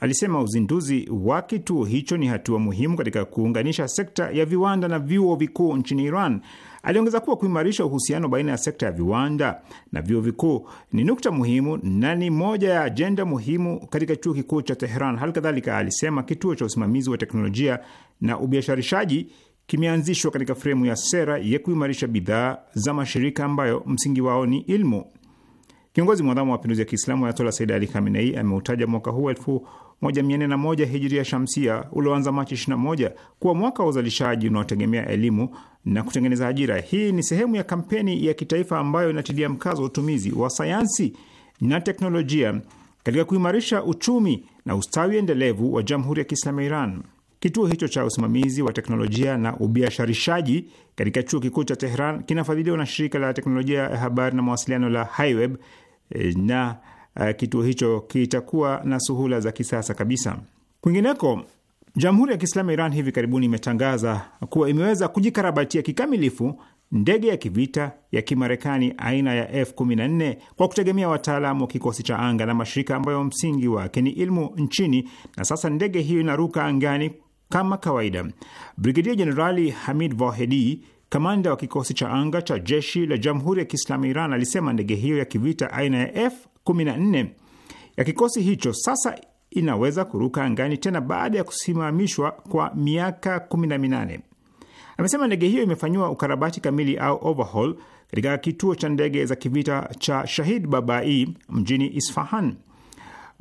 alisema uzinduzi wa kituo hicho ni hatua muhimu katika kuunganisha sekta ya viwanda na vyuo vikuu nchini Iran. Aliongeza kuwa kuimarisha uhusiano baina ya sekta ya viwanda na vyuo vikuu ni nukta muhimu na ni moja ya ajenda muhimu katika chuo kikuu cha Teheran. Hali kadhalika, alisema kituo cha usimamizi wa teknolojia na ubiasharishaji kimeanzishwa katika fremu ya sera ya kuimarisha bidhaa za mashirika ambayo msingi wao ni ilmu. Kiongozi mwadhamu wa mapinduzi ya Kiislamu Ayatola Said Ali Khamenei ameutaja mwaka huu elfu moja mia nne na moja hijiria shamsia ulioanza Machi 21 kuwa mwaka wa uzalishaji unaotegemea elimu na kutengeneza ajira. Hii ni sehemu ya kampeni ya kitaifa ambayo inatilia mkazo utumizi wa sayansi na teknolojia katika kuimarisha uchumi na ustawi endelevu wa Jamhuri ya Kiislamu ya Iran. Kituo hicho cha usimamizi wa teknolojia na ubiasharishaji katika chuo kikuu cha Tehran kinafadhiliwa na shirika la teknolojia ya habari na mawasiliano la Hiweb eh, na eh, kituo hicho kitakuwa na suhula za kisasa kabisa. Kwingineko, Jamhuri ya Kiislamu ya Iran hivi karibuni imetangaza kuwa imeweza kujikarabatia kikamilifu ndege ya kivita ya Kimarekani aina ya F14 kwa kutegemea wataalamu wa kikosi cha anga na mashirika ambayo msingi wake ni ilmu nchini, na sasa ndege hiyo inaruka angani kama kawaida, Brigedia Jenerali Hamid Vahedi, kamanda wa kikosi cha anga cha jeshi la Jamhuri ya Kiislamu ya Iran, alisema ndege hiyo ya kivita aina ya F-14 ya kikosi hicho sasa inaweza kuruka angani tena baada ya kusimamishwa kwa miaka kumi na minane. Amesema ndege hiyo imefanyiwa ukarabati kamili au overhaul katika kituo cha ndege za kivita cha Shahid Babai mjini Isfahan.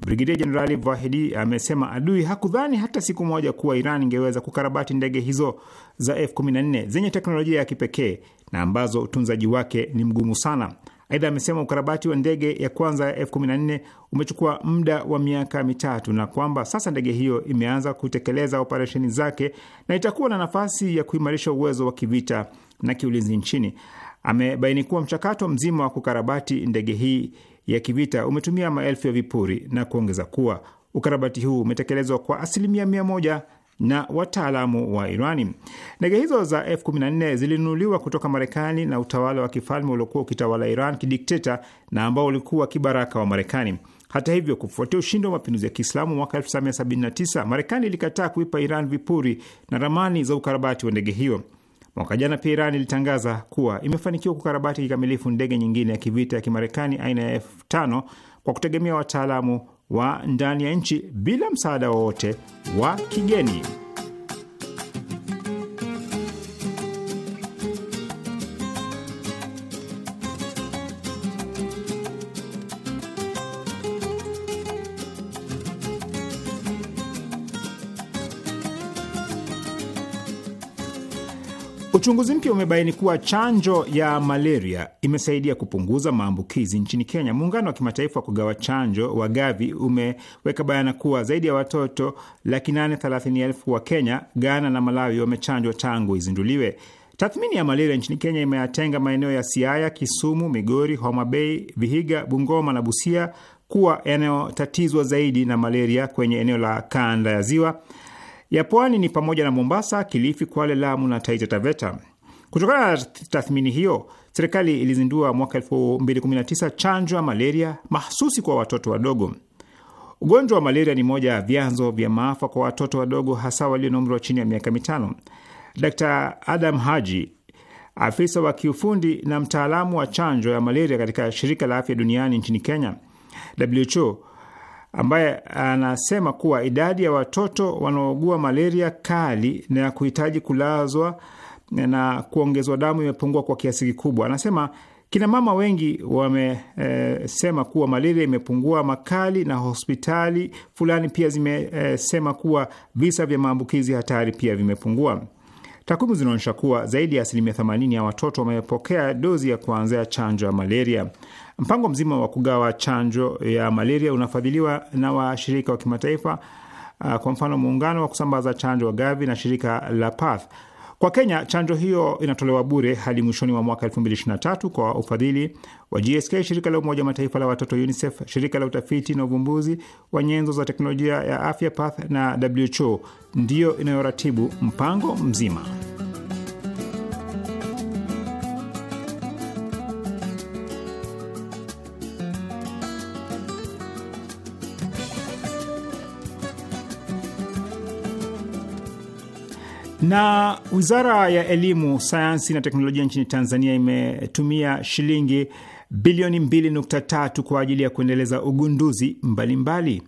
Brigedia Jenerali Vahidi amesema adui hakudhani hata siku moja kuwa Iran ingeweza kukarabati ndege hizo za F-14 zenye teknolojia ya kipekee na ambazo utunzaji wake ni mgumu sana. Aidha, amesema ukarabati wa ndege ya kwanza ya F-14 umechukua muda wa miaka mitatu na kwamba sasa ndege hiyo imeanza kutekeleza operesheni zake na itakuwa na nafasi ya kuimarisha uwezo wa kivita na kiulinzi nchini. Amebaini kuwa mchakato mzima wa kukarabati ndege hii ya kivita umetumia maelfu ya vipuri na kuongeza kuwa ukarabati huu umetekelezwa kwa asilimia mia moja na wataalamu wa Irani. Ndege hizo za F-14 zilinunuliwa kutoka Marekani na utawala wa kifalme uliokuwa ukitawala Iran kidikteta na ambao ulikuwa kibaraka wa Marekani. Hata hivyo, kufuatia ushindi wa mapinduzi ya Kiislamu mwaka 1979, Marekani ilikataa kuipa Iran vipuri na ramani za ukarabati wa ndege hiyo. Mwaka jana pia Iran ilitangaza kuwa imefanikiwa kukarabati kikamilifu ndege nyingine ya kivita ya Kimarekani aina ya F5 kwa kutegemea wataalamu wa ndani ya nchi bila msaada wowote wa kigeni. Uchunguzi mpya umebaini kuwa chanjo ya malaria imesaidia kupunguza maambukizi nchini Kenya. Muungano wa kimataifa wa kugawa chanjo wa Gavi umeweka bayana kuwa zaidi ya watoto laki nane thelathini elfu wa Kenya, Ghana na Malawi wamechanjwa tangu izinduliwe. Tathmini ya malaria nchini Kenya imeyatenga maeneo ya Siaya, Kisumu, Migori, Homa Bay, Vihiga, Bungoma na Busia kuwa yanayotatizwa zaidi na malaria kwenye eneo la kanda ya Ziwa ya pwani ni pamoja na Mombasa, Kilifi, Kwale, Lamu na Taita Taveta. Kutokana na tathmini hiyo, serikali ilizindua mwaka 2019 chanjo ya malaria mahsusi kwa watoto wadogo. Ugonjwa wa malaria ni moja ya vyanzo vya maafa kwa watoto wadogo, hasa walio na umri wa chini ya miaka mitano. d Adam Haji, afisa wa kiufundi na mtaalamu wa chanjo ya malaria katika shirika la afya duniani nchini Kenya, WHO, ambaye anasema kuwa idadi ya watoto wanaougua malaria kali na ya kuhitaji kulazwa na kuongezwa damu imepungua kwa kiasi kikubwa. Anasema kina mama wengi wamesema e, kuwa malaria imepungua makali, na hospitali fulani pia zimesema e, kuwa visa vya maambukizi hatari pia vimepungua. Takwimu zinaonyesha kuwa zaidi ya asilimia 80 ya watoto wamepokea dozi ya kwanza ya chanjo ya malaria. Mpango mzima wa kugawa chanjo ya malaria unafadhiliwa na washirika wa kimataifa, uh, kwa mfano muungano wa kusambaza chanjo wa Gavi na shirika la Path. Kwa Kenya, chanjo hiyo inatolewa bure hadi mwishoni mwa mwaka 2023 kwa ufadhili wa GSK, shirika la Umoja Mataifa la watoto UNICEF, shirika la utafiti na uvumbuzi wa nyenzo za teknolojia ya afya Path na WHO ndiyo inayoratibu mpango mzima. Na wizara ya elimu, sayansi na teknolojia nchini Tanzania imetumia shilingi bilioni 2.3 kwa ajili ya kuendeleza ugunduzi mbalimbali mbali.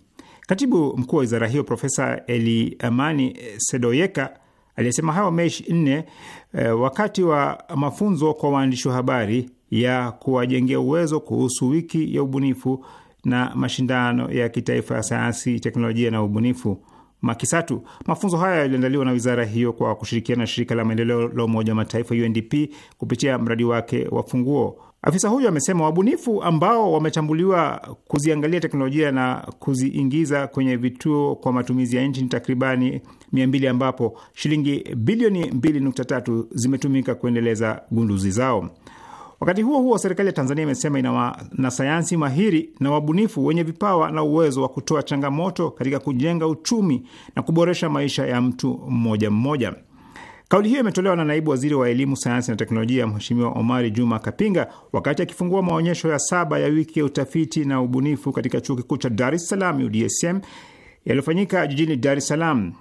Katibu mkuu wa wizara hiyo Profesa Eli Amani Sedoyeka aliyesema hayo Mei 4 eh, wakati wa mafunzo kwa waandishi wa habari ya kuwajengea uwezo kuhusu wiki ya ubunifu na mashindano ya kitaifa ya sayansi, teknolojia na ubunifu. Makisatu. Mafunzo haya yaliandaliwa na wizara hiyo kwa kushirikiana na shirika la maendeleo la Umoja wa Mataifa UNDP kupitia mradi wake wa Funguo. Afisa huyo amesema wabunifu ambao wamechambuliwa kuziangalia teknolojia na kuziingiza kwenye vituo kwa matumizi ya nchi ni takribani mia mbili ambapo shilingi bilioni 2.3 zimetumika kuendeleza gunduzi zao. Wakati huo huo, serikali ya Tanzania imesema ina wanasayansi mahiri na wabunifu wenye vipawa na uwezo wa kutoa changamoto katika kujenga uchumi na kuboresha maisha ya mtu mmoja mmoja. Kauli hiyo imetolewa na naibu waziri wa elimu, sayansi na teknolojia, Mheshimiwa Omari Juma Kapinga wakati akifungua maonyesho ya saba ya wiki ya utafiti na ubunifu katika chuo kikuu cha Dar es Salaam UDSM yaliyofanyika jijini Dar es Salaam.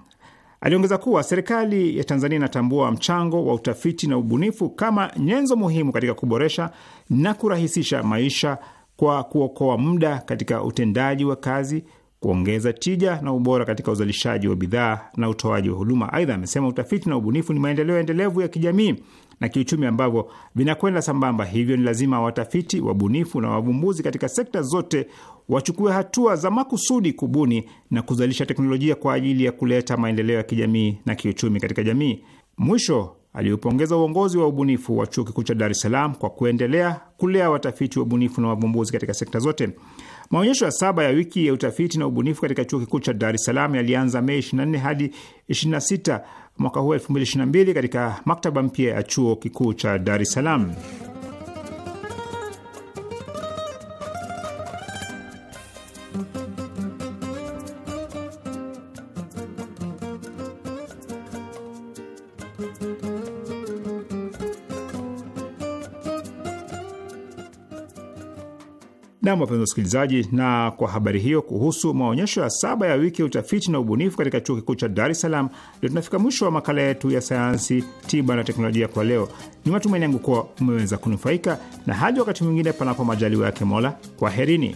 Aliongeza kuwa serikali ya Tanzania inatambua mchango wa utafiti na ubunifu kama nyenzo muhimu katika kuboresha na kurahisisha maisha kwa kuokoa muda katika utendaji wa kazi, kuongeza tija na ubora katika uzalishaji wa bidhaa na utoaji wa huduma. Aidha, amesema utafiti na ubunifu ni maendeleo endelevu ya kijamii na kiuchumi ambavyo vinakwenda sambamba, hivyo ni lazima watafiti, wabunifu na wavumbuzi katika sekta zote wachukue hatua za makusudi kubuni na kuzalisha teknolojia kwa ajili ya kuleta maendeleo ya kijamii na kiuchumi katika jamii. Mwisho, aliupongeza uongozi wa ubunifu wa chuo kikuu cha Dar es Salaam kwa kuendelea kulea watafiti wa ubunifu na wavumbuzi katika sekta zote. Maonyesho ya saba ya wiki ya utafiti na ubunifu katika chuo kikuu cha Dar es Salaam yalianza Mei 24 hadi 26 mwaka huu 2022 katika maktaba mpya ya chuo kikuu cha Dar es Salaam. Nam, wapenzi wasikilizaji, na kwa habari hiyo kuhusu maonyesho ya saba ya wiki ya utafiti na ubunifu katika chuo kikuu cha Dar es Salaam, ndio tunafika mwisho wa makala yetu ya sayansi, tiba na teknolojia kwa leo. Ni matumaini yangu kuwa umeweza kunufaika, na hadi wakati mwingine, panapo majaliwa yake Mola, kwaherini.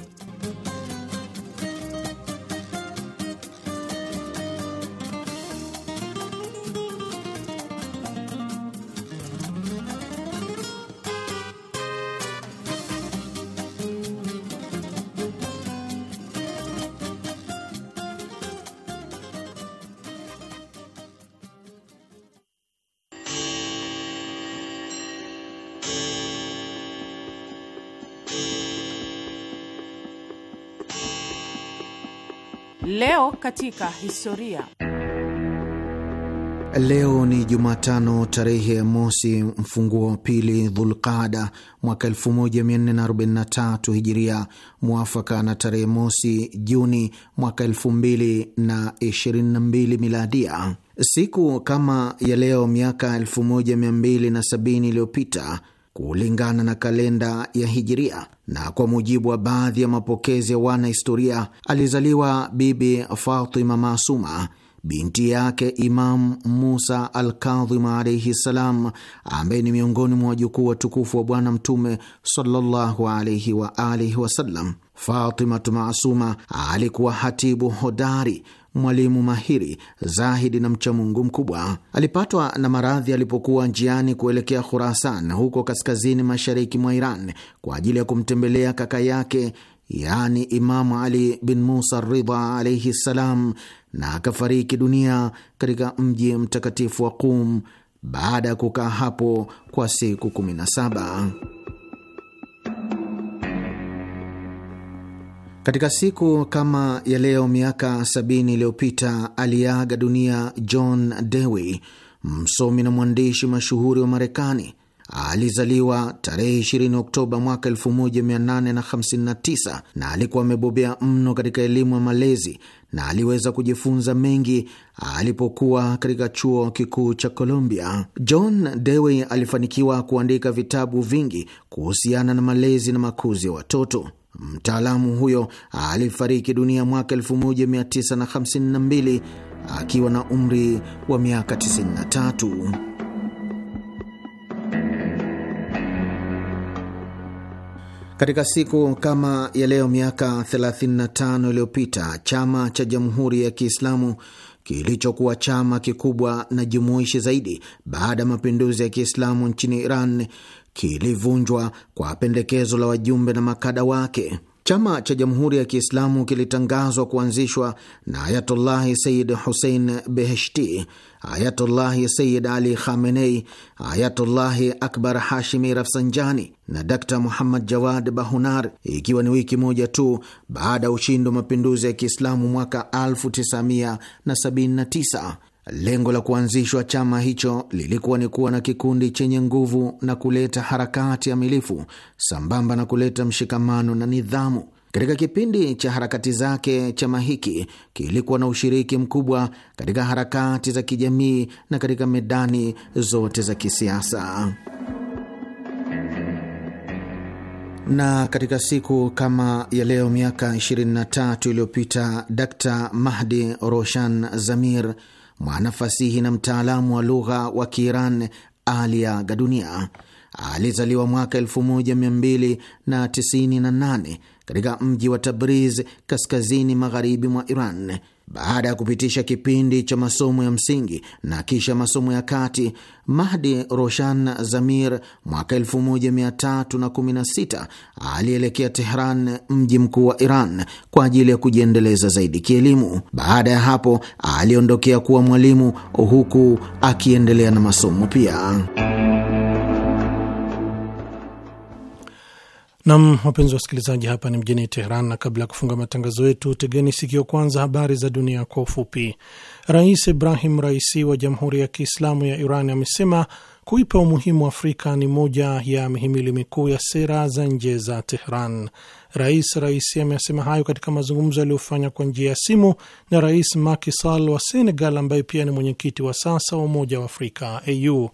katika historia. Leo ni Jumatano tarehe mosi mfunguo wa pili Dhulqada mwaka 1443 Hijiria, mwafaka na tarehe mosi Juni mwaka 2022 Miladia. Siku kama ya leo miaka 1270 iliyopita kulingana na kalenda ya Hijiria, na kwa mujibu wa baadhi ya mapokezi ya wanahistoria, alizaliwa Bibi Fatima Masuma binti yake Imam Musa Alkadhima alaihi ssalam, ambaye ni miongoni mwa wajukuu watukufu wa Bwana Mtume sallallahu alaihi wa alihi wasallam. Fatimatu Masuma alikuwa hatibu hodari mwalimu mahiri, zahidi na mchamungu mkubwa. Alipatwa na maradhi alipokuwa njiani kuelekea Khurasan huko kaskazini mashariki mwa Iran kwa ajili ya kumtembelea kaka yake yaani Imamu Ali bin Musa Ridha alaihi ssalam, na akafariki dunia katika mji mtakatifu wa Qum baada ya kukaa hapo kwa siku 17. Katika siku kama ya leo miaka 70 iliyopita aliaga dunia John Dewey, msomi na mwandishi mashuhuri wa Marekani. Alizaliwa tarehe 20 Oktoba mwaka 1859 na, alikuwa amebobea mno katika elimu ya malezi na aliweza kujifunza mengi alipokuwa katika chuo kikuu cha Columbia. John Dewey alifanikiwa kuandika vitabu vingi kuhusiana na malezi na makuzi ya watoto. Mtaalamu huyo alifariki dunia mwaka 1952 akiwa na umri wa miaka 93. Katika siku kama ya leo miaka 35 iliyopita chama cha Jamhuri ya Kiislamu kilichokuwa chama kikubwa na jumuishi zaidi baada ya mapinduzi ya Kiislamu nchini Iran kilivunjwa kwa pendekezo la wajumbe na makada wake. Chama cha Jamhuri ya Kiislamu kilitangazwa kuanzishwa na Ayatullahi Sayid Husein Beheshti, Ayatullahi Sayid Ali Khamenei, Ayatullahi Akbar Hashimi Rafsanjani na Dr Muhammad Jawad Bahunar, ikiwa ni wiki moja tu baada ya ushindi wa mapinduzi ya Kiislamu mwaka 1979. Lengo la kuanzishwa chama hicho lilikuwa ni kuwa na kikundi chenye nguvu na kuleta harakati amilifu sambamba na kuleta mshikamano na nidhamu. Katika kipindi cha harakati zake, chama hiki kilikuwa na ushiriki mkubwa katika harakati za kijamii na katika medani zote za kisiasa. Na katika siku kama ya leo miaka 23 iliyopita, Dkt Mahdi Roshan Zamir mwanafasihi na mtaalamu wa lugha wa Kiiran aliaga dunia. Alizaliwa mwaka 1298 katika mji wa Tabriz, kaskazini magharibi mwa Iran. Baada ya kupitisha kipindi cha masomo ya msingi na kisha masomo ya kati, Mahdi Roshan Zamir mwaka 1316 alielekea Tehran, mji mkuu wa Iran, kwa ajili ya kujiendeleza zaidi kielimu. Baada ya hapo, aliondokea kuwa mwalimu huku akiendelea na masomo pia. Nam, wapenzi wasikilizaji, hapa ni mjini Teheran, na kabla ya kufunga matangazo yetu, tegeni sikio kwanza habari za dunia kwa ufupi. Rais Ibrahim Raisi wa Jamhuri ya Kiislamu ya Iran amesema kuipa umuhimu Afrika ni moja ya mihimili mikuu ya sera za nje za Tehran. Rais Raisi amesema hayo katika mazungumzo yaliyofanya kwa njia ya simu na Rais Macky Sall wa Senegal, ambaye pia ni mwenyekiti wa sasa wa Umoja wa Afrika au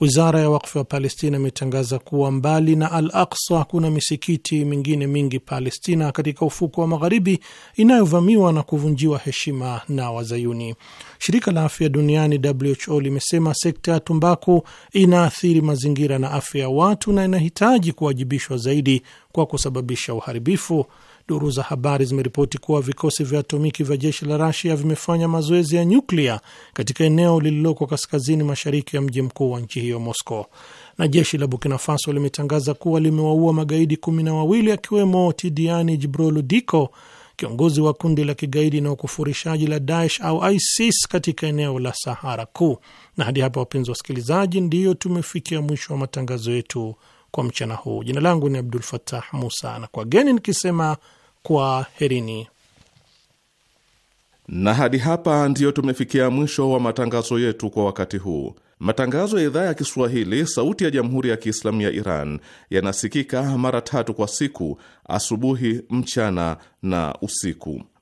Wizara ya Wakfu wa Palestina imetangaza kuwa mbali na Al Aksa kuna misikiti mingine mingi Palestina katika ufuko wa magharibi inayovamiwa na kuvunjiwa heshima na Wazayuni. Shirika la Afya Duniani WHO limesema sekta ya tumbaku inaathiri mazingira na afya ya watu na inahitaji kuwajibishwa zaidi kwa kusababisha uharibifu Duru za habari zimeripoti kuwa vikosi vya atomiki vya jeshi la Rasia vimefanya mazoezi ya nyuklia katika eneo lililoko kaskazini mashariki ya mji mkuu wa nchi hiyo Moscow. Na jeshi la Burkina Faso limetangaza kuwa limewaua magaidi kumi na wawili akiwemo tidiani jibroludiko Diko, kiongozi wa kundi la kigaidi na ukufurishaji la Daesh au ISIS katika eneo la Sahara Kuu. Na hadi hapa, wapenzi wasikilizaji, ndiyo tumefikia mwisho wa matangazo yetu kwa mchana huu. Jina langu ni Abdul Fatah Musa na kwa geni nikisema kwa herini na hadi hapa ndiyo tumefikia mwisho wa matangazo yetu kwa wakati huu. Matangazo ya idhaa ya Kiswahili sauti ya jamhuri ya Kiislamu ya Iran yanasikika mara tatu kwa siku: asubuhi, mchana na usiku.